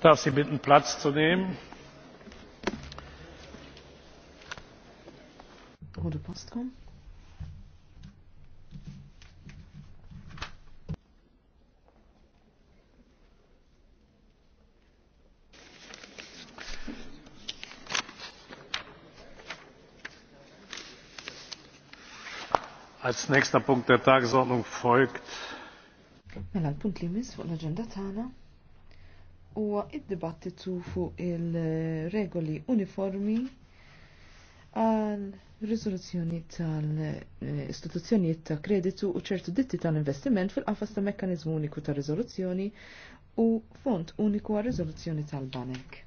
darf Sie bitten, Platz zu nehmen. Als nächster Punkt der Tagesordnung folgt. Mela l-punt li mis fuq l-agenda tagħna huwa id-dibattitu fuq il-regoli uniformi għal riżoluzzjoni tal-istituzzjonijiet ta' kreditu u ċertu ditti tal-investiment fil-qafas ta' mekkanizmu uniku ta' riżoluzzjoni u font uniku għal riżoluzzjoni tal-banek.